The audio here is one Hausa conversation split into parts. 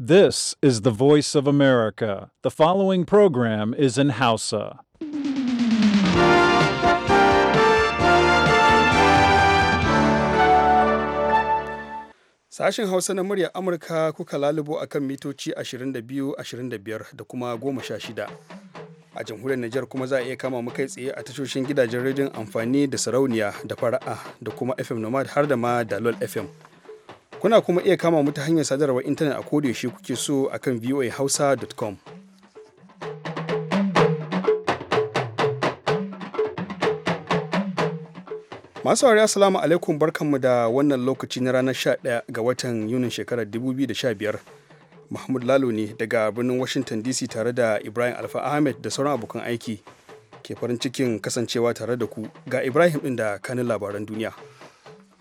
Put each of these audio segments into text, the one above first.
This is the voice of America. The following program is in Hausa. Sashen Hausa na muryar Amurka kuka lalubo a kan mitoci 22, 25 da kuma 16. A jamhuriyar Nijar kuma za a iya kama mu kai tsaye a tashoshin gidajen rediyon amfani da sarauniya da fara'a da kuma FM Nomad har da ma Dalol FM. Kuna kuma iya kama mu ta hanyar sadarwar intanet a kodayaushe kuke so a kan voahausa.com. Masu wari assalamu alaikum barkanmu da wannan lokaci na ranar 11 ga watan Yunin shekarar 2015. Mahmud Lalo ne daga birnin Washington DC tare da Ibrahim Alfa Ahmed da sauran abokan aiki. Ke farin cikin kasancewa tare da ku ga Ibrahim ɗin da kanin labaran duniya.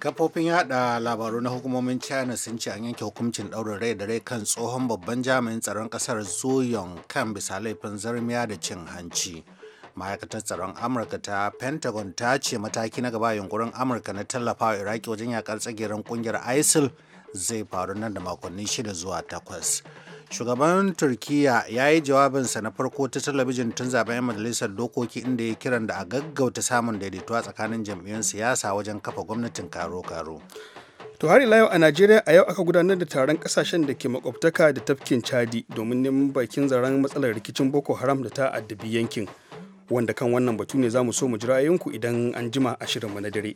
kafofin yaɗa labaru na hukumomin china sun ce an yanke hukuncin ɗaurin rai da rai kan tsohon babban jami'in tsaron ƙasar zoyon kan bisa laifin zarmiya da cin hanci ma'aikatar tsaron amurka ta pentagon ta ce mataki na gaba yunkurin amurka na tallafa tallafawa iraki wajen yakar tsageren ƙungiyar isil zai faru nan da makonni shida zuwa takwas shugaban turkiya ya yi jawabinsa na farko ta talabijin tun zaben 'yan majalisar dokoki inda ya kiran da a gaggauta samun a tsakanin jam'iyyun siyasa wajen kafa gwamnatin karo-karo to har ila yau a najeriya a yau aka gudanar da taron kasashen da ke makwabtaka da tafkin chadi domin neman bakin zaren matsalar rikicin boko haram da ta addabi yankin wanda kan wannan batu ne za mu so mu ji ra'ayinku idan an jima a shirinmu na dare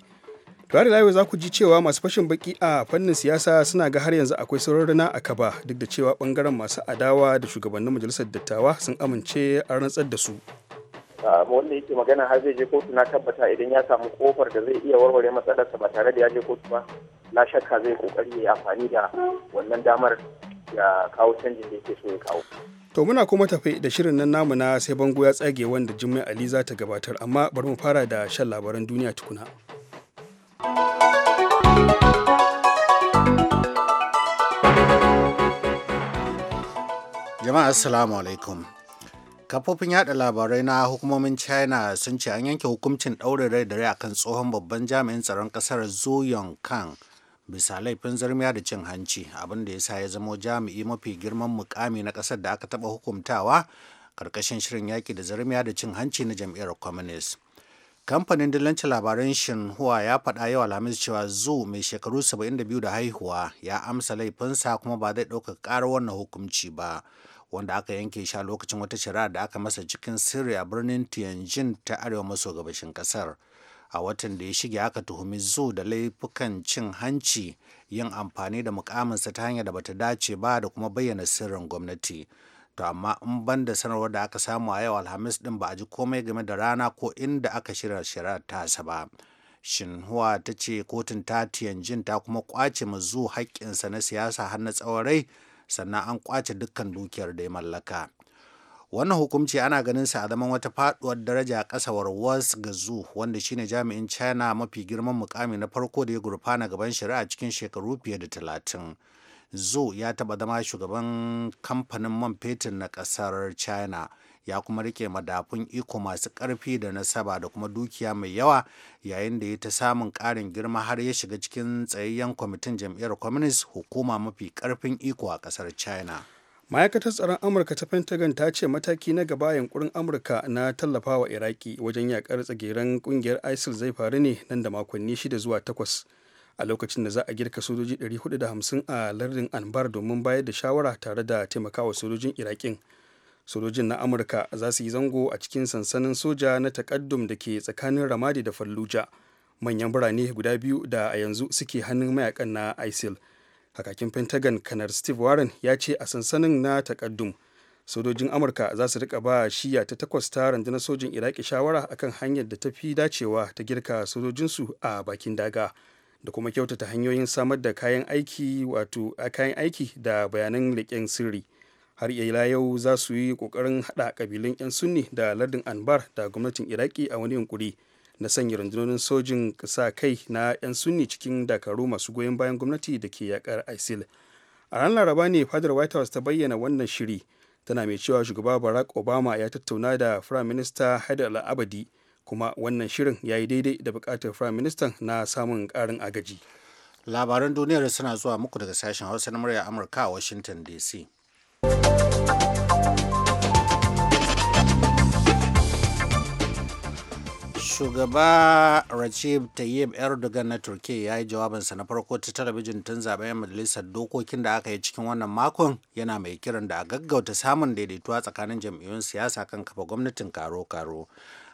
Rari Layo za ku ji cewa masu fashin baki a fannin siyasa suna ga har yanzu akwai sauran rana a kaba duk da cewa bangaren masu adawa da shugabannin majalisar dattawa sun amince a rantsar da su. wanda yake magana har zai je kotu na tabbata idan ya samu kofar da zai iya warware matsalarsa ba tare da ya je kotu ba na shakka zai kokari ya yi amfani da wannan damar ya kawo canjin da yake so ya kawo. To muna kuma tafi da shirin nan namu na sai bango ya tsage wanda Jummai Ali za ta gabatar amma bari mu fara da shan labaran duniya tukuna. Jama'a Assalamu alaikum. Kafofin yada labarai na hukumomin China sun ce an yanke hukuncin ɗaurin rai da rai akan tsohon babban jami'in tsaron ƙasar Zhu Yongkang bisa laifin zarmiya da cin hanci abin da ya sa ya zamo jami'i mafi girman mukami na ƙasar da aka taɓa hukuntawa ƙarƙashin shirin yaƙi da zarmiya da cin hanci na jam'iyyar Communist. Kamfanin dillanci labaran Shinhua ya faɗa yau Alhamis cewa Zu mai shekaru 72 da haihuwa ya amsa laifinsa kuma ba zai ɗauka ƙarar wannan hukunci ba. Wanda aka yanke shi a lokacin wata shari'a da aka masa cikin sirri a birnin Tianjin ta arewa maso gabashin ƙasar. a watan da ya shige aka tuhumi zu da laifukan cin hanci yin amfani da mukaminsa ta hanyar da bata dace ba da kuma bayyana sirrin gwamnati to amma in ban da sanarwar da aka samu a yau alhamis din ba a ji komai game da rana ko inda aka shirya shari'ar ta ba shinhua ta ce kotun ta tianjin ta kuma kwace mazu haƙƙinsa na siyasa har na tsawon rai sannan an kwace dukkan dukiyar da ya mallaka wannan hukumci ana ganin sa a zaman wata faduwar daraja a ƙasa warwas ga zu wanda shine jami'in china mafi girman mukami na farko da ya gurfana gaban shari'a cikin shekaru fiye da talatin zo ya taɓa zama shugaban kamfanin man fetur na ƙasar china ya kuma rike madafun iko masu ƙarfi da nasaba da kuma dukiya mai yawa yayin da ya ta samun ƙarin girma har ya shiga cikin tsayayyen kwamitin jam'iyyar communist hukuma mafi ƙarfin iko a ƙasar china ma'aikatar tsaron amurka ta pentagon ta ce mataki na gaba yankurin amurka na tallafawa iraki wajen yakar tsageren kungiyar isil zai faru ne nan da makonni shida zuwa takwas a lokacin da za a girka sojoji 450 a lardin anbar domin bayar da shawara tare da taimakawa sojojin irakin sojojin na amurka za su yi zango a cikin sansanin soja na takaddum da ke tsakanin ramadi da fallujah manyan birane guda biyu da a yanzu suke hannun mayakan na isil hakakin pentagon kanar steve warren ya ce a sansanin na takaddum sojojin amurka za su rika ba shiya ta takwas ta rundunar sojin iraki shawara akan hanyar da ta fi dacewa ta girka sojojinsu a bakin daga da kuma kyautata hanyoyin samar da kayan aiki wato kayan aiki da bayanan leƙen sirri har ila yau za su yi ƙoƙarin haɗa ƙabilun 'yan sunni da lardin anbar da gwamnatin iraki a wani yunkuri na sanya rundunonin sojin sa kai na 'yan sunni cikin dakaru masu goyon bayan gwamnati da ke yakar isil a ranar laraba ne fadar white house ta bayyana wannan shiri tana mai cewa shugaba barack obama ya tattauna da firaminista minista haidar al'abadi kuma wannan shirin ya yi daidai da bukatar firayim ministan na samun karin agaji labaran duniyar suna zuwa muku daga sashen hausa na murya amurka a washington dc shugaba Recep Tayyip Erdogan na Turkiyya ya yi jawabinsa na farko ta talabijin tun zaben majalisar dokokin da aka yi cikin wannan makon yana mai kiran da a gaggauta samun daidaituwa tsakanin jam'iyyun siyasa kan kafa gwamnatin karo-karo.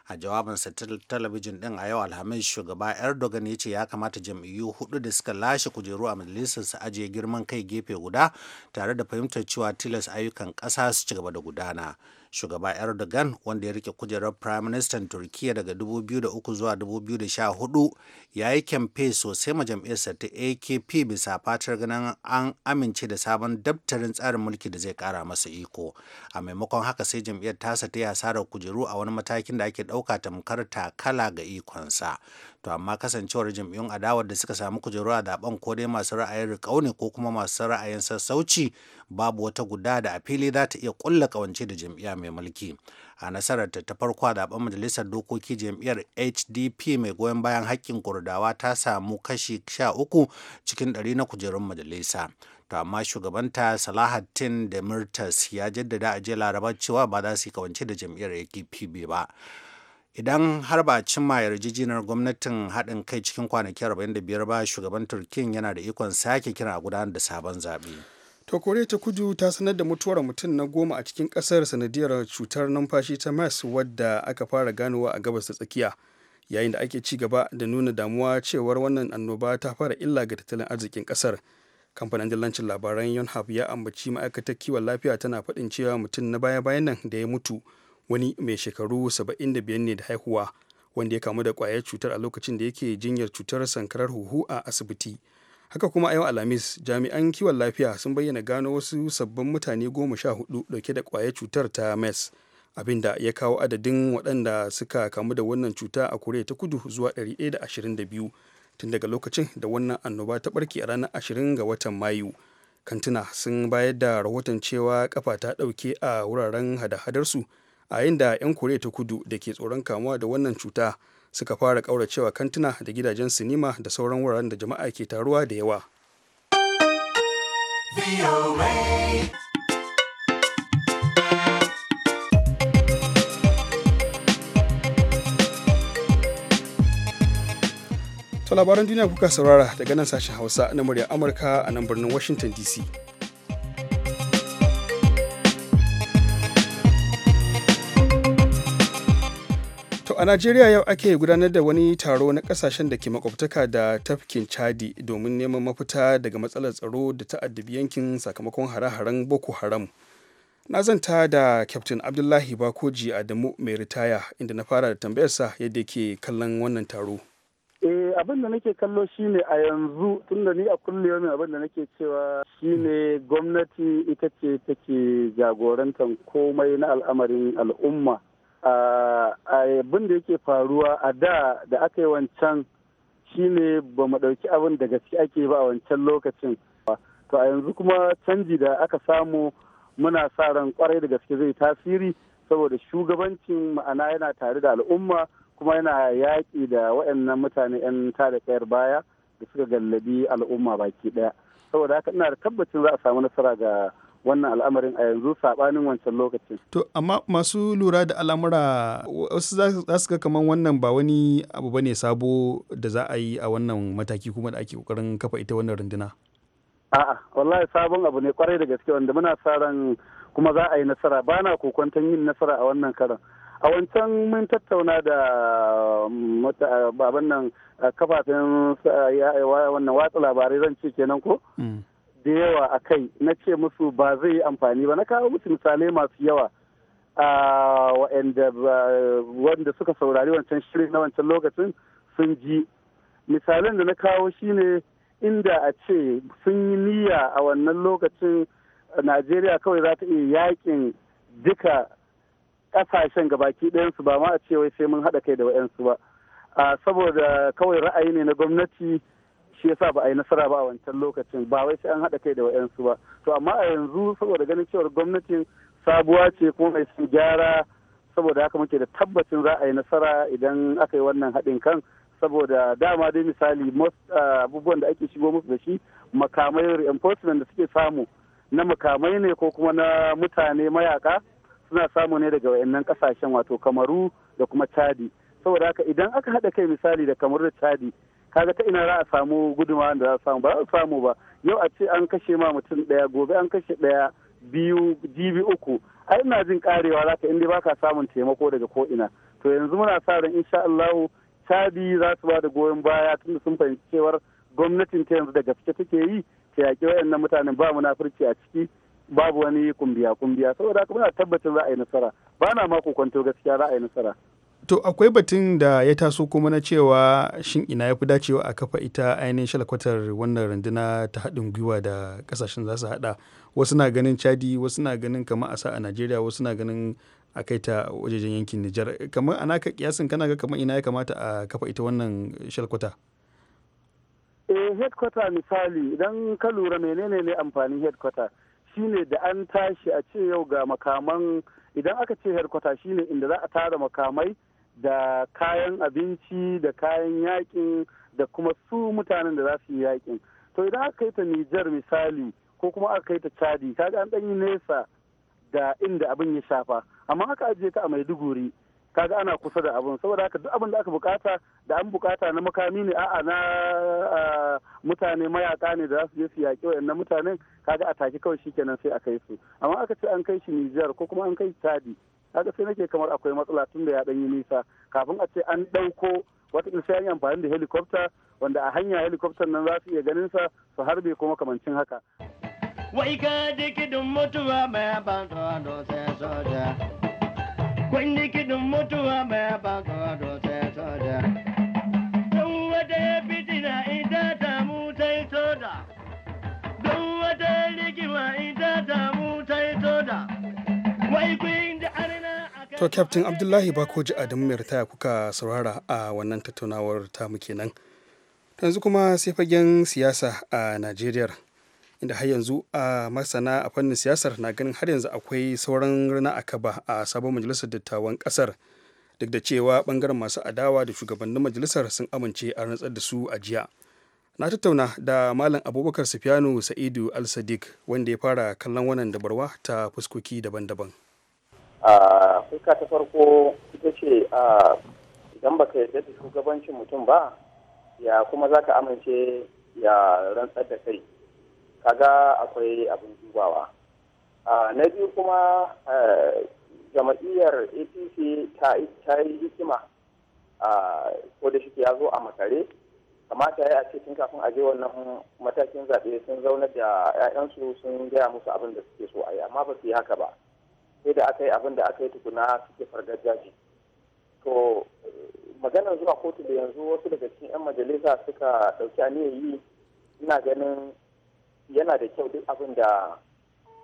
a jawabinsa talabijin din a yau alhamis shugaba erdogan ya ce ya kamata jam'iyyu hudu da suka lashe kujeru a majalisar su ajiye girman kai gefe guda tare da fahimtar cewa tilas ayyukan ƙasa su ci gaba da gudana shugaba erdogan wanda ya rike kujerar prime minister turkiya daga 2003 zuwa 2014 ya yi kyamfe sosai ma jam'iyyarsa ta akp bisa fatar ganin an amince da sabon daftarin tsarin mulki da zai kara masa iko a maimakon haka sai jam'iyyar tasa ta yi hasarar kujeru a wani matakin da ake ɗauka tamkar takala ga ikonsa to amma kasancewar jam'iyyun adawar da suka samu kujeru a zaben ko dai masu ra'ayin riƙau ne ko kuma masu ra'ayin sassauci babu wata guda da a fili za ta iya ƙulla ƙawance da jam'iyya mai mulki a nasarar ta ta farko a zaben majalisar dokoki jam'iyyar hdp mai goyon bayan haƙƙin kurdawa ta samu kashi sha uku cikin ɗari na kujerun majalisa to amma shugabanta salahattin da murtas ya jaddada a jiya laraba cewa ba za su yi kawance da jam'iyyar akp ba idan har ba a cimma yarjejeniyar gwamnatin haɗin kai cikin kwanaki 45 ba shugaban turkin yana da ikon sake kira a gudanar da sabon zaɓe. to koriya ta kudu ta sanar da mutuwar mutum na goma a cikin ƙasar sanadiyar cutar numfashi ta mas wadda aka fara ganowa a gabas ta tsakiya yayin da ake ci gaba da nuna damuwa cewar wannan annoba ta fara illa ga tattalin arzikin ƙasar kamfanin dillancin labaran yonhap ya ambaci ma'aikatar kiwon lafiya tana faɗin cewa mutum na baya-bayan nan da ya mutu wani mai shekaru 75 ne da haihuwa wanda ya kamu da kwayar cutar a lokacin da yake jinyar cutar sankarar huhu a asibiti haka kuma a yau alhamis jami'an kiwon lafiya sun bayyana gano wasu sabbin mutane goma sha hudu dauke da kwayar cutar ta mes abinda ya kawo adadin waɗanda suka kamu da wannan cuta a koriya ta kudu zuwa 122 tun daga lokacin da wannan annoba ta barke a ranar 20 ga watan mayu kantuna sun bayar da rahoton cewa kafa ta ɗauke a wuraren hada-hadarsu a inda 'yan kore ta kudu da ke tsoron kamuwa da wannan cuta suka fara kauracewa kantuna da gidajen sinima da sauran wuraren da jama'a ke taruwa da yawa labaran duniya kuka saurara daga nan sashen hausa na murya amurka a nan birnin washington dc a najeriya yau ake gudanar da wani taro na kasashen da ke makwabtaka da tafkin chadi domin neman mafita daga matsalar tsaro da ta'addabi yankin sakamakon hare-haren boko haram na zanta da captain abdullahi bakoji adamu mai ritaya inda na fara da tambayarsa yadda ke kallon wannan taro eh abin da nake kallo shine a yanzu tunda ni a kullum abin da nake cewa shine gwamnati ita ce take jagorantar komai na al'amarin al'umma abin da yake faruwa a da da aka yi wancan shine ba mu ɗauki abin da gaske ake ba a wancan lokacin to a yanzu kuma canji da aka samu muna sa ran kwarai da gaske zai tasiri saboda shugabancin ma'ana yana tare da al'umma kuma yana yaƙi da waɗannan mutane 'yan tada kayar baya da suka gallabi al'umma baki ɗaya saboda haka ina da tabbacin za a samu nasara ga wannan al'amarin a yanzu saɓanin wancan lokacin. To amma masu lura da al'amura wasu za su ga kamar wannan ba wani abu bane sabo da za a yi a wannan mataki kuma da ake kokarin kafa ita wannan runduna. A'a wallahi sabon abu ne kwarai da gaske wanda muna sa ran kuma za a yi nasara ba na kokwantan yin nasara a wannan karan. a wancan mun tattauna da baban mm, nan kafafen wannan watsa labarai zan ce kenan ko mm. da yawa a kai na ce musu ba zai yi amfani ba na kawo musu misalai masu yawa a wanda suka saurari wancan shirin na wancan lokacin sun ji misalin da na kawo shine inda a ce sun yi niyya a wannan lokacin najeriya kawai za ta iya yakin duka kasashen gabaki ɗayansu ba ma a ce wai sai mun haɗa kai da wa'yansu ba saboda kawai ra'ayi ne na gwamnati shi yasa ba a yi nasara ba a wancan lokacin ba wai sai an haɗa kai da wa'yansu ba to amma a yanzu saboda ganin cewar gwamnatin sabuwa ce kuma mai sun gyara saboda haka muke da tabbacin za a yi nasara idan aka yi wannan haɗin kan saboda dama dai misali abubuwan da ake shigo musu da shi makamai reinforcement da suke samu na makamai ne ko kuma na mutane mayaka suna samu ne daga wayannan kasashen wato kamaru da kuma chadi saboda haka idan aka haɗa kai misali da kamaru da chadi kaga ta ina za a samu guduma da za a samu ba za a samu ba yau a ce an kashe ma mutum ɗaya gobe an kashe ɗaya biyu jibi uku ai ina jin karewa za ka inda baka samun taimako daga ko ina to yanzu muna sa ran insha Allahu Chadi za su ba da goyon baya tunda sun fahimci cewar gwamnatin ta yanzu da gaske take yi ta yaƙi wayannan mutanen ba munafurci a ciki babu wani kumbiya kumbiya saboda haka muna tabbacin za a yi nasara ba na ma kwanto gaskiya za a yi nasara To akwai batun da ya taso kuma na cewa shin ina ya fi dacewa a kafa ita ainihin shalkwatar wannan runduna ta haɗin gwiwa da ƙasashen za su haɗa wasu na ganin chadi wasu na ganin kamar a sa a najeriya wasu na ganin a kai ta wajejen yankin nijar kamar ana ka kiyasin kana ga kamar ina ya kamata a kafa ita wannan shalkwata eh headquarter misali idan ka lura menene ne amfanin headquarter shine da an tashi a ce yau ga makaman idan aka ce headquarter shine inda za a tara makamai da kayan abinci da kayan yakin da kuma su mutanen da za su yi yakin to idan aka kai ta Nijar misali ko kuma aka kai ta Chadi kaga an ɗan yi nesa da inda abin ya shafa amma haka ajiye ta a Maiduguri kaga ana kusa da abin saboda haka duk abin da aka bukata da an bukata na makami ne a'a na mutane mayaka ne da za su je su yaƙi wayannan mutanen kaga a take kawai shikenan sai a kai su amma aka ce an kai shi Nijar ko kuma an kai Chadi kaga sai nake kamar akwai matsala tun da ya dan yi nisa kafin a ce an ɗauko wata sai an yi amfani da helicopter wanda a hanya helicopter nan za su iya ganin sa su harbe kuma kamancin haka wai ka dikidin mutuwa mai ban tsoro sai soja kun dikidin mutuwa mai ban tsoro sai soja don wata ya fitina ita ta mu ta soja don wata rigima ita ta mu ta yi wai kun To, Kyaftin Abdullahi Bakoji Adamu mai ritaya kuka saurara a wannan tattaunawar ta muke kenan. Yanzu kuma sai fagen siyasa a Najeriya. Inda har yanzu a masana a fannin siyasar na ganin har yanzu akwai sauran rana a kaba a sabon majalisar dattawan kasar duk da cewa bangaren masu adawa da shugabannin majalisar sun amince a rantsar da su a jiya. Na tattauna da Malam Abubakar Sufiyanu Sa'idu Al-Sadiq wanda ya fara kallon wannan dabarwa ta fuskoki daban-daban. fuska ta farko ita ce idan baka yarda da shugabancin mutum ba ya kuma za ka amince ya rantsar da kai kaga akwai abin dubawa na biyu kuma jama'iyyar apc ta yi hikima ko da shi ya zo a makare kamata ya ce tun kafin a je wannan matakin zaɓe sun zaunar da 'ya'yansu sun gaya musu abin da suke so a yi amma ba su yi haka ba sai da aka yi abin da aka yi tukuna suke fargajaji jaji to maganar zuwa kotu da yanzu wasu daga cikin 'yan majalisa suka ɗauki aniyar yi ina ganin yana da kyau duk abin da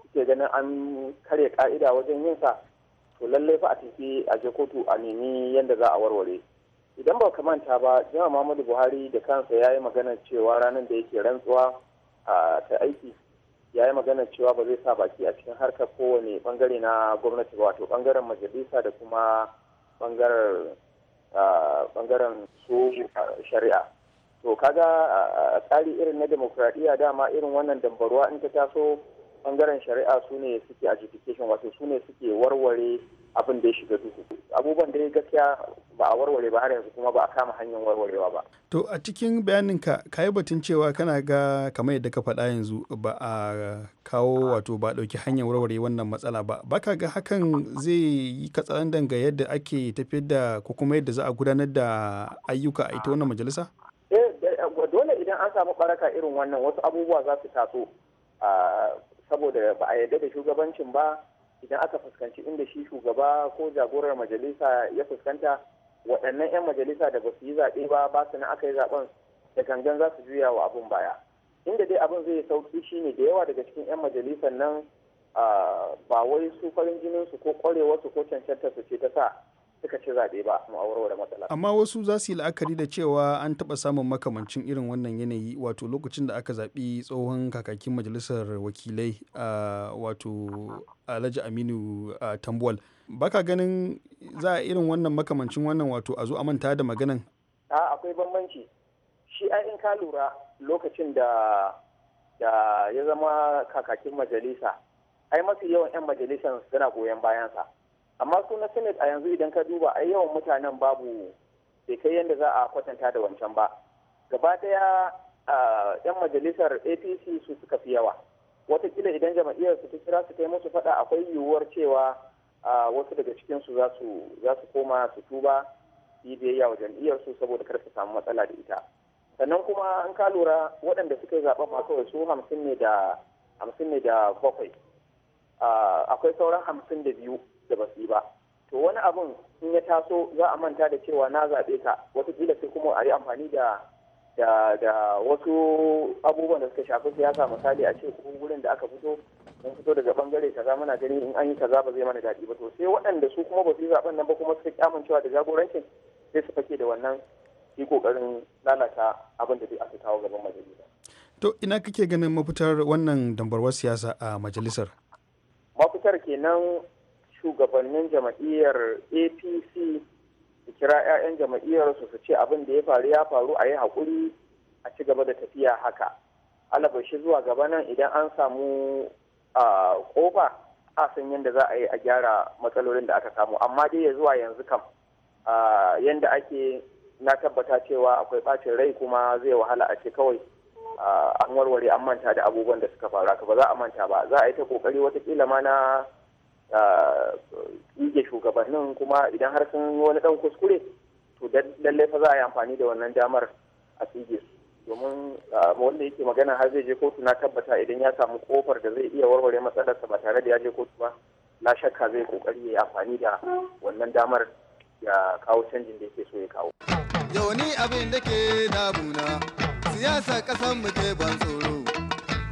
suke ganin an karya ka'ida wajen yin sa to lallai fa a tafi a je kotu a nemi yadda za a warware idan ba ka manta ba jama'a muhammadu buhari da kansa ya yi maganar cewa ranar da yake rantsuwa ta aiki ya yi magana cewa ba zai sa baki a cikin harkar kowane bangare na gwamnati ba wato bangaren majalisa da kuma bangaren su shari'a to kaga tsari irin na demokradiyya dama irin wannan dambaruwa in ta taso bangaren shari'a su ne suke adjudication wato su ne suke warware abin da ya shiga duhu abubuwan da ya gaskiya ba a warware ba har yanzu kuma ba a kama hanyar warwarewa ba to a cikin bayaninka ka yi batun cewa kana ga kamar yadda ka faɗa yanzu ba a kawo wato ba ɗauki hanyar warware wannan matsala ba baka ga hakan zai yi katsalandan ga yadda ake tafiyar da ko kuma yadda za a gudanar da ayyuka a ita wannan majalisa eh, eh, dole idan an samu baraka irin wannan wasu abubuwa za su taso ah, saboda ba a yarda da shugabancin ba idan aka fuskanci inda shi shugaba ko jagorar majalisa ya fuskanta waɗannan 'yan majalisa da ba su yi zaɓe ba ba su na aka yi zaɓen da gangan za su juya wa abin baya inda dai abin zai sauki shine da yawa daga cikin 'yan majalisar nan ah, ba wai su farin jinin su ko kwarewar ko cancantar su ce ta sa suka ci zaɓe ba a da matsala. Amma wasu za su yi la'akari da cewa an taɓa samun makamancin irin wannan yanayi wato lokacin da aka zaɓi tsohon kakakin majalisar wakilai a wato Alhaji Aminu Tambuwal. Baka ganin za a irin wannan makamancin wannan wato a zo a manta da maganan? A akwai bambanci. Shi ai in ka lura lokacin da da ya zama kakakin majalisa ai mafi yawan 'yan majalisan suna goyon bayansa. amma su na senate a yanzu idan ka duba a yawan mutanen babu bai kai yadda za a kwatanta da wancan ba gaba daya yan majalisar apc su suka fi yawa watakila idan jama'iyyar su ta kira su kai musu fada akwai yiwuwar cewa wasu daga cikin su za su koma su tuba yi biyayya wa jam'iyyar su saboda kar su samu matsala da ita sannan kuma an ka lura waɗanda suka yi zaɓen masu kawai su hamsin ne da hamsin ne da bakwai akwai sauran hamsin da biyu da ba su yi ba to wani abun in ya taso za a manta da cewa na zaɓe ka watakila sai kuma a yi amfani da da da wasu abubuwan da suka shafi siyasa misali a ce kuma wurin da aka fito mun fito daga bangare kaza muna gani in an yi kaza ba zai mana daɗi ba to sai waɗanda su kuma ba su yi zaɓen nan ba kuma suka kyamancewa da jagorancin sai su fake da wannan yi kokarin lalata abin da aka kawo gaban majalisa. To ina kake ganin mafitar wannan dambarwar siyasa a majalisar? Mafitar kenan shugabannin jama'iyyar apc su kira 'ya'yan jama'iyyar su su ce abin da ya faru ya faru a yi haƙuri a ci gaba da tafiya haka shi zuwa gaba nan idan an samu ƙofa a san yadda za a yi a gyara matsalolin da aka samu amma dai ya zuwa yanzu kam yadda ake na tabbata cewa akwai ɓacin rai kuma zai wahala a ce kawai an warware an manta da abubuwan da suka faru ba za a manta ba za a yi ta ƙoƙari watakila ma na Uh, ige shugabannin kuma idan har sun wani dan kuskure to lallai fa za a yi amfani da wannan damar a tsige su domin uh, wanda yake magana har zai je kotu na tabbata idan ya samu kofar da zai iya warware matsalarsa ba tare da ya je kotu ba na shakka zai kokari ya yi amfani da wannan damar ya kawo canjin da yake so ya kawo. Yau ni abin da ke damuna siyasa kasan mu ke ban tsoro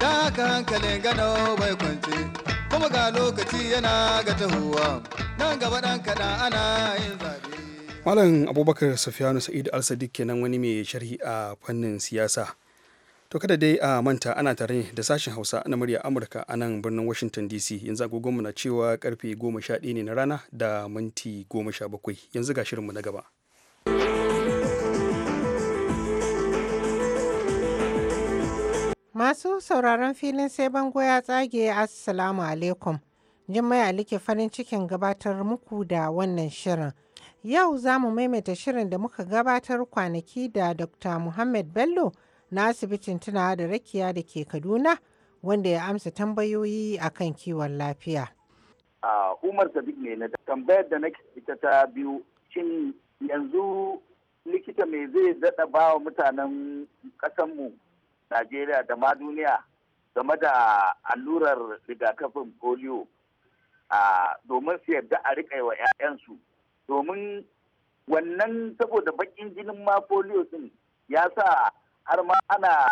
da haka hankalin gano bai kwance kuma ga lokaci yana ga tahowa nan gaba dan kada ana yin zaɓe. Malam Abubakar Sufiyanu Sa'id Al-Sadiq kenan wani mai sharhi a fannin siyasa. To kada dai a manta ana tare da sashen Hausa na murya Amurka a nan birnin Washington DC yanzu agogonmu na cewa karfe 11 ne na rana da minti 17 yanzu ga shirinmu na gaba. Masu sauraron filin sai bango ya tsage Assalamu alaikum. Jummai Ali ke farin cikin gabatar muku da wannan shirin. Yau za mu maimaita shirin da muka gabatar kwanaki da Dr. Muhammad Bello na asibitin tunawa da rakiya da ke Kaduna wanda ya amsa tambayoyi akan kiwon lafiya. Umar Sadiq ne na tambayar da nake ita ta biyu shin yanzu likita me zai daɗa ba wa mutanen ƙasanmu Najeriya da ma duniya game da allurar rigakafin polio domin su yarda a riƙa wa 'ya'yansu domin wannan saboda bakin jinin ma polio din ya sa har ma ana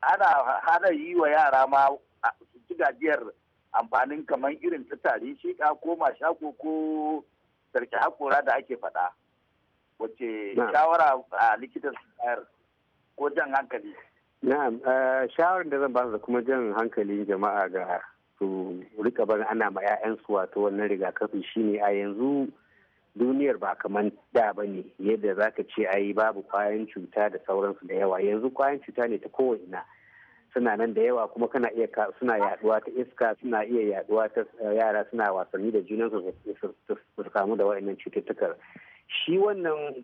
ana hana yi wa yara ma su ci gajiyar amfanin kamar irin ta tari shiƙa ko mashako ko sarki hakora da ake faɗa wacce shawara a likitan ko jan hankali Na'am, eh, shawarar da zan ba su kuma jan hankalin jama'a ga su rika bana ana ma 'ya'yansu wato wannan rigakafi shine a yanzu duniyar ba kamar da ba ne yadda za ka ce ayi babu kwayan cuta da sauransu da yawa yanzu kwayan cuta ne ta kowane suna nan da yawa kuma kana iya suna yaduwa ta iska suna iya yaduwa ta eh, yara suna wasanni da junansu su kamu da wa'annan cututtukar shi wannan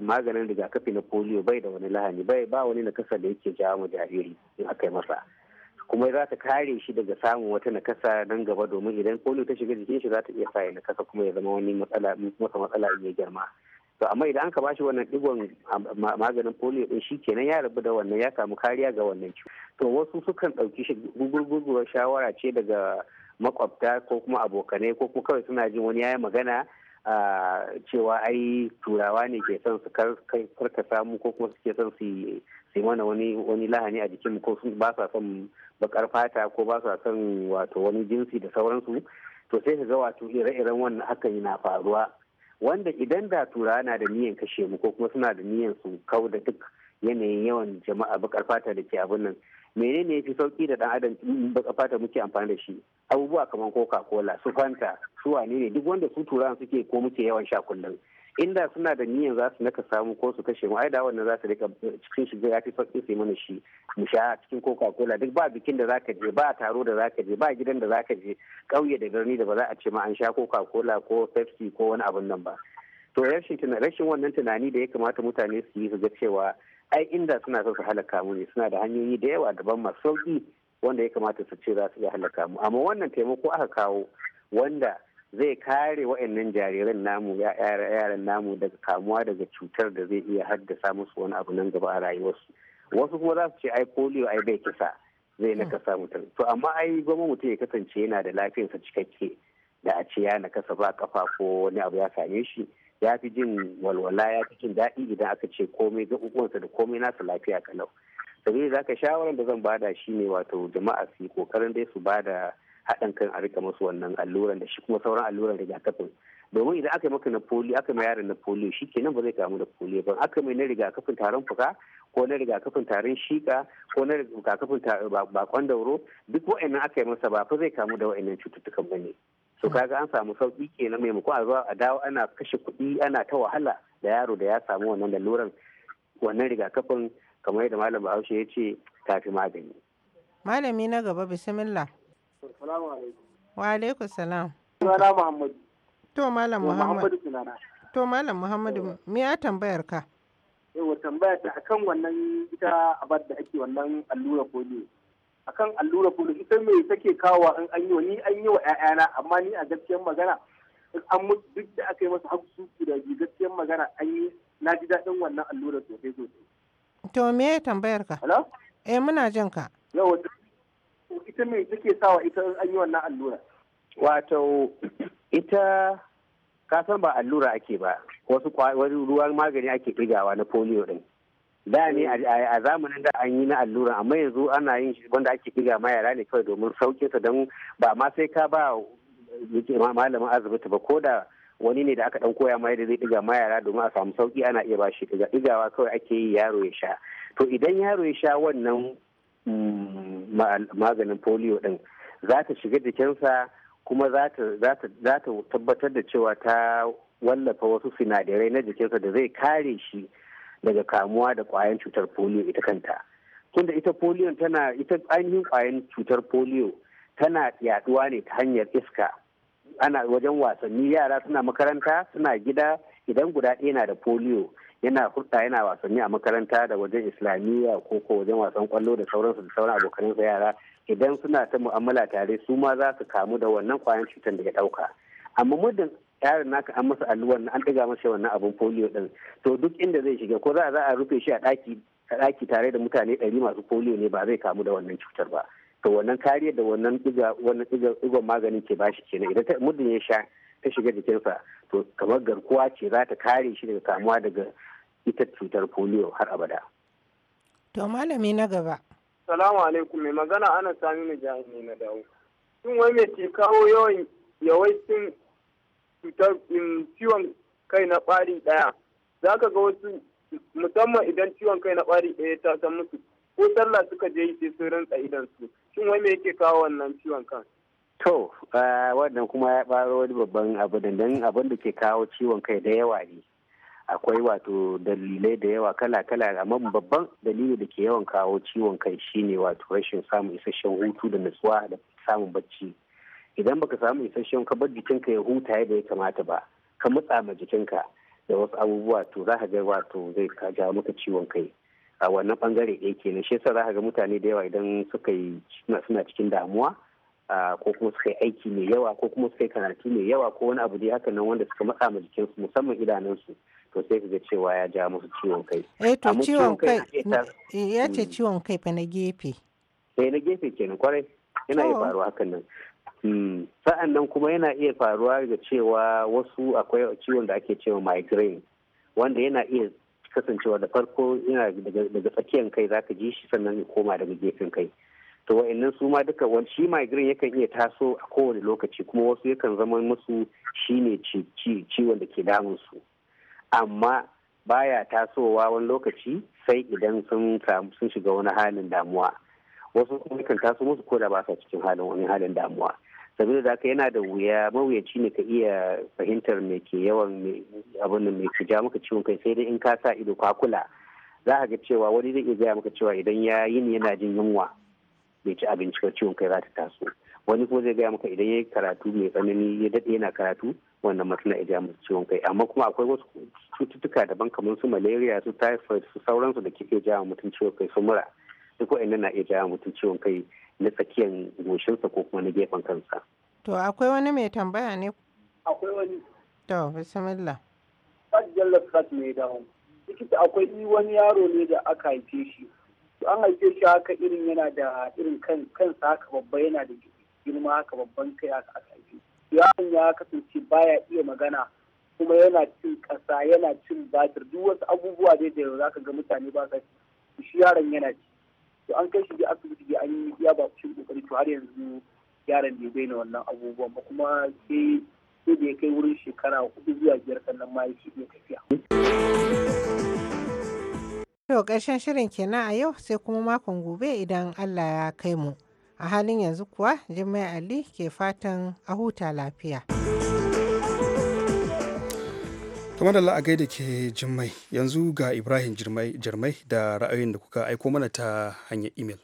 maganin rigakafi na polio bai da wani lahani bai ba wani nakasa da yake jawo mu jariri in aka yi masa kuma za ta kare shi daga samun wata nakasa nan gaba domin idan polio ta shiga jikin shi za ta iya sa ya nakasa kuma ya zama wani matsala masa matsala mai girma to amma idan an bashi wannan digon maganin polio din shi kenan ya rabu da wannan ya samu kariya ga wannan ciwo to wasu sukan ɗauki shi gugurguguwar shawara ce daga makwabta ko kuma abokanai ko kuma kawai suna jin wani yayi magana cewa ai turawa ne ke son su karka samu ko kuma suke son su yi mana wani lahani a jikin ko ba sa son bakar fata ko ba sa son wato wani jinsi da sauransu to sai ka ga wato ire-iren wannan yi na faruwa wanda idan da turawa na da niyan kashe mu ko kuma suna da niyan su kau da duk yanayin yawan jama'a bakar fata da ke abin nan menene ya fi sauki da dan adam bakar fata muke amfani da shi abubuwa kamar coca cola su fanta su wane ne duk wanda su turan suke ko muke yawan sha kullum inda suna da niyyar za su naka samu ko su kashe mu ai da wannan za su rika cikin shiga ya fi sauki sai mana shi mu sha cikin coca cola duk ba bikin da zaka je ba taro da zaka je ba gidan da zaka je kauye da garni da ba za a ce ma an sha coca cola ko pepsi ko wani abun nan ba to rashin wannan tunani da ya kamata mutane su yi su ga cewa ai inda suna so su halaka mu ne suna da hanyoyi da yawa daban masu sauki wanda ya kamata su ce za su iya halaka mu amma wannan taimako aka kawo wanda zai kare wa'annan jariran namu yaran namu daga kamuwa daga cutar da zai iya haddasa musu wani abu nan gaba a rayuwarsu wasu kuma za su ce ai polio ai bai kisa zai na kasa mutum to amma ai goma mutum ya kasance yana da lafiyarsa cikakke da a ce ya nakasa ba kafa ko wani abu ya same shi ya fi jin walwala ya fi jin daɗi idan aka ce komai ga uwansa da komai nasa lafiya kalau sabi da ka shawaran da zan bada ne wato jama'a su yi kokarin dai su bada haɗin kan a rika musu wannan alluran da shi kuma sauran alluran rigakafin domin idan aka yi maka na polio aka mai yaron na polio shi kenan ba zai kamu da polio ba aka mai na rigakafin tarin fuka ko na rigakafin tarin shika ko na rigakafin bakon dauro duk wa'annan aka yi masa ba fa zai kamu da wa'annan cututtukan ba ne to kaga an samu sauki kenan maimakon a zo a dawo ana kashe kuɗi ana ta wahala da yaro da ya samu wannan laluran wannan rigakafin kamar yadda malam bahaushe ya ce tafi magani malami na gaba bismillah wa alaikum salam sunana muhammadu to malam eh, muhammadu to malam muhammadu me ya tambayar ka yau tambaya ta akan wannan ita abar da ake wannan allura polio akan allura polio ita me take kawo in an yi wa ni an yi wa ƴaƴana amma ni a gaskiyar magana an duk da aka yi masa haksu guda biyu gaskiyar magana an yi na ji daɗin wannan allurar sosai sosai. To me ya tambayar ka? Hello? Eh muna jin ka. Yawa ita me take sawa ita an yi wannan allura? Wato ita ka san ba allura ake ba wasu ruwan magani ake ɗigawa na polio din. da ne eh. a zamanin da an yi na allura amma yanzu ana yin shi wanda ake diga ma yara ne kawai domin sauke don ba ma sai ka ba malamin asibiti ba ko da wani ne da aka dan koya ma yadda zai diga ma yara domin a samu sauki ana iya bashi diga digawa kawai ake yi yaro ya sha to idan yaro ya sha wannan mm, maganin polio din za ta shiga jikinsa kuma za ta tabbatar da cewa ta wallafa wasu sinadarai na jikinsa da zai kare shi daga kamuwa da kwayan cutar polio ita kanta tunda ita polio tana ita ainihin kwayan cutar polio tana yaduwa ne ta hanyar iska ana wajen wasanni yara suna makaranta suna gida idan guda ɗaya na da polio yana hurta yana wasanni a makaranta da wajen islamiyya ko ko wajen wasan kwallo da sauransu da sauran abokanansa yara idan suna ta mu'amala tare su ma za su kamu da wannan kwayan cutar da ya ɗauka amma muddin yaron naka an masa alluwan an ɗiga masa wannan abin polio ɗin to duk inda zai shiga ko za a rufe shi a ɗaki a ɗaki tare da mutane ɗari masu polio ne ba zai kamu da wannan cutar ba to wannan kariyar da wannan ɗiga wannan ɗigon maganin ke bashi kenan idan muddin ya sha ta shiga jikinsa to kamar garkuwa ce za ta kare shi daga kamuwa daga ita cutar polio har abada. To malami na gaba. Salamu alaikum mai magana ana sami mu jami'i na dawo. Shin wai me ke kawo yawan yawaitin cutar ciwon kai na ɓari ɗaya za ka ga wasu musamman idan ciwon kai na ɓari ɗaya ta san musu ko sallah suka je yi sai sun rantsa idan su shin wai me yake kawo wannan ciwon kan to wannan kuma ya ɓaro wani babban abu da nan abin da ke kawo ciwon kai da yawa ne akwai wato dalilai da yawa kala-kala amma babban dalili da ke yawan kawo ciwon kai shine wato rashin samun isasshen hutu da nutsuwa da samun bacci idan baka samu isasshen ka bar jikinka ya huta yadda ya kamata ba ka matsa ma jikinka da wasu abubuwa to za ka ga wato zai ja maka ciwon kai a wannan bangare ɗaya kenan shi yasa za ka ga mutane da yawa idan suka yi suna cikin damuwa ko kuma suka yi aiki mai yawa ko kuma suka yi karatu mai yawa ko wani abu dai haka nan wanda suka matsa ma jikinsu musamman idanunsu to sai ka ga cewa ya ja musu ciwon kai. Eh to ciwon kai ya ce hmm. ciwon kai fa na gefe. Eh na gefe kenan kwarai yana iya faruwa hakan nan. Hmm. sa'annan kuma yana iya faruwa da cewa wasu akwai ciwon da ake cewa migraine wanda yana iya kasancewa da farko yana daga tsakiyar kai za ka ji shi sannan ya koma daga gefen kai to wa'annan su ma duka wani shi migraine yakan iya taso a kowane lokaci kuma wasu yakan zama musu shine ciwon da ke damun su amma baya tasowa wani lokaci sai idan sun sun shiga wani halin damuwa wasu kuma yakan taso musu ko da ba sa cikin halin wani halin damuwa saboda da haka yana da wuya mawuyaci ne ka iya fahimtar me ke yawan abin da mai ja maka ciwon kai sai dai in ka sa ido kwakula za a ga cewa wani zai iya gaya maka cewa idan ya yi yana jin yunwa bai ci abinci ba ciwon kai za ta taso wani kuma zai gaya maka idan ya yi karatu mai tsanani ya daɗe yana karatu wannan matsala ya maka ciwon kai amma kuma akwai wasu cututtuka daban kamar su malaria su typhoid su sauransu da ke iya jawo mutum ciwon kai su mura duk waɗannan na iya jawo mutum ciwon kai na tsakiyan goshinsa ko kuma na gefen kansa. To akwai wani mai tambaya ne? Akwai wani. To bismillah. Fajjallar Fat mai dawo. Likita akwai wani yaro ne da aka haife shi. An haife shi haka irin yana da irin kansa haka babba yana da girma haka babban kai haka aka haife. Yaron ya kasance baya iya magana kuma yana cin ƙasa yana cin batir duk wasu abubuwa dai da za ka ga mutane ba sa shi yaron yana ci. to an kai shi ga asibiti ga an yi iya ba cikin kokari to har yanzu yaron bai daina wannan abubuwan ba kuma sai sai da ya kai wurin shekara hudu zuwa biyar sannan ma yake iya tafiya. To ƙarshen shirin kenan a yau sai kuma makon gobe idan Allah ya kai mu. A halin yanzu kuwa Jummai Ali ke fatan a huta lafiya. kamar da la'agai da ke jimai yanzu ga ibrahim jirmai da ra'ayoyin da kuka aiko mana ta hanyar imel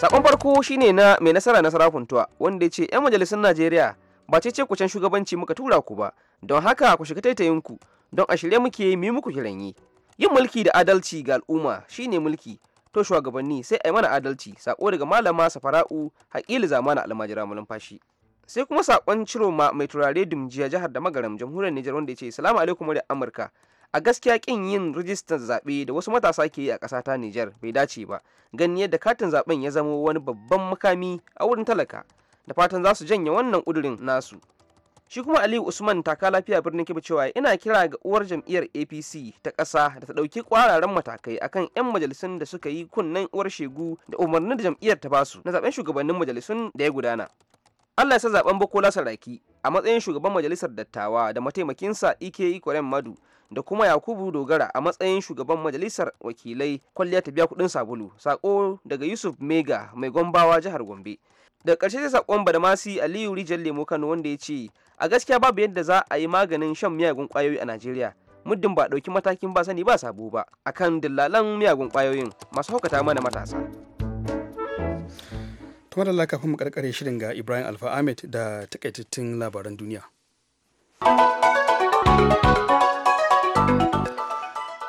sakon farko shine na mai nasara nasara kuntuwa wanda ya ce 'yan majalisun najeriya ba ce ce can shugabanci muka tura ku ba don haka ku shiga taitayinku don a shirye muke yi muku yi yin mulki da adalci ga al'umma shine mulki to shugabanni sai a yi mana adalci sako daga malama safara'u haƙili zamana almajira mulumfashi sai kuma sakon ciro ma mai turare dumjiya jihar da magaram jamhuriyar Nijar wanda ya ce salamu alaikum da Amurka a gaskiya kin yin rijistar zaɓe da wasu matasa ke yi a ƙasa ta Nijar bai dace ba gani yadda katin zaɓen ya zama wani babban makami a wurin talaka da fatan za su janye wannan ƙudurin nasu shi kuma aliyu usman taka lafiya birnin kebbi cewa ina kira ga uwar jam'iyyar apc ta ƙasa da ta ɗauki ƙwararren matakai akan 'yan majalisun da suka yi kunnen uwar shegu da umarnin da jam'iyyar ta basu na zaben shugabannin majalisun da ya gudana Allah ya sa zaben Bukola Saraki a matsayin shugaban majalisar dattawa da mataimakinsa Ike e Ikoren Madu da kuma Yakubu Dogara a matsayin shugaban majalisar wakilai kwalliya ta biya kuɗin sabulu sako daga Yusuf Mega mai gombawa jihar Gombe. da karshe sai sakon Badamasi Aliyu Rijal Lemo Kano wanda ya ce a gaskiya babu yadda za a yi maganin shan miyagun kwayoyi a Najeriya. muddin ba ɗauki matakin ba sani ba sabo ba akan dillalan miyagun kwayoyin masu haukata mana matasa. kuma da lakafin mu karkare shirin ga Ibrahim Alfa Ahmed da takaitattun labaran duniya.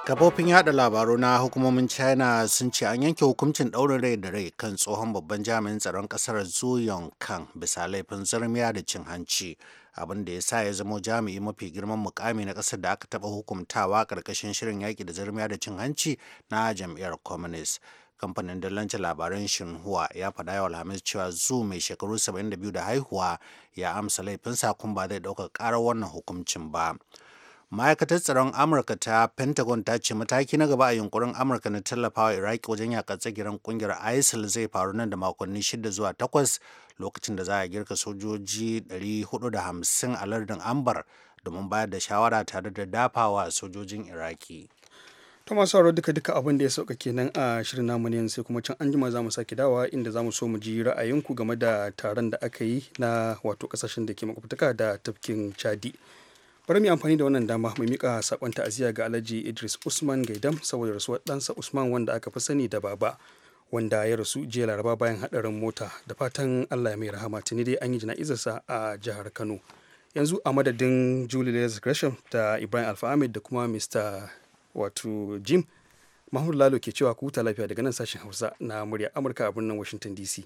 kafofin yada labaru na hukumomin china sun ce an yanke hukuncin daurin rai da rai kan tsohon babban jami'in tsaron kasar zu kan bisa laifin zarmiya da cin hanci abin da ya sa ya zamo jami'i mafi girman mukami na kasar da aka taba hukuntawa karkashin shirin yaki da zarmiya da cin hanci na jam'iyyar communist kamfanin dallancin labaran shinhua ya faɗa wa alhamis cewa zu mai shekaru 72 da haihuwa ya amsa laifinsa sakon ba zai ɗaukar ƙarar wannan hukuncin ba ma'aikatar tsaron amurka ta pentagon ta ce mataki na gaba a yunkurin amurka na tallafawa iraki wajen yaƙa tsagiran ƙungiyar isil zai faru nan da makonni 6 zuwa takwas lokacin da za a girka sojoji 450 a lardin ambar domin bayar da shawara tare da dafawa sojojin iraki ta masu sauraro duka duka abin da ya sauka kenan a shirin namu ne sai kuma can anjima za mu sake dawa inda za mu so mu ji ra'ayinku game da taron da aka yi na wato kasashen da ke makwabtaka da tafkin chadi bari mu amfani da wannan dama mu mika sakon ta'aziyya ga alhaji idris usman gaidam saboda rasuwar ɗansa usman wanda aka fi sani da baba wanda ya rasu jiya laraba bayan haɗarin mota da fatan allah mai rahama tuni dai an yi jana'izarsa a jihar kano yanzu a madadin julie gresham da ibrahim alfa da kuma mr wato jim mahmud lalo ke cewa ku huta lafiya daga nan sashen hausa na murya amurka a birnin washington dc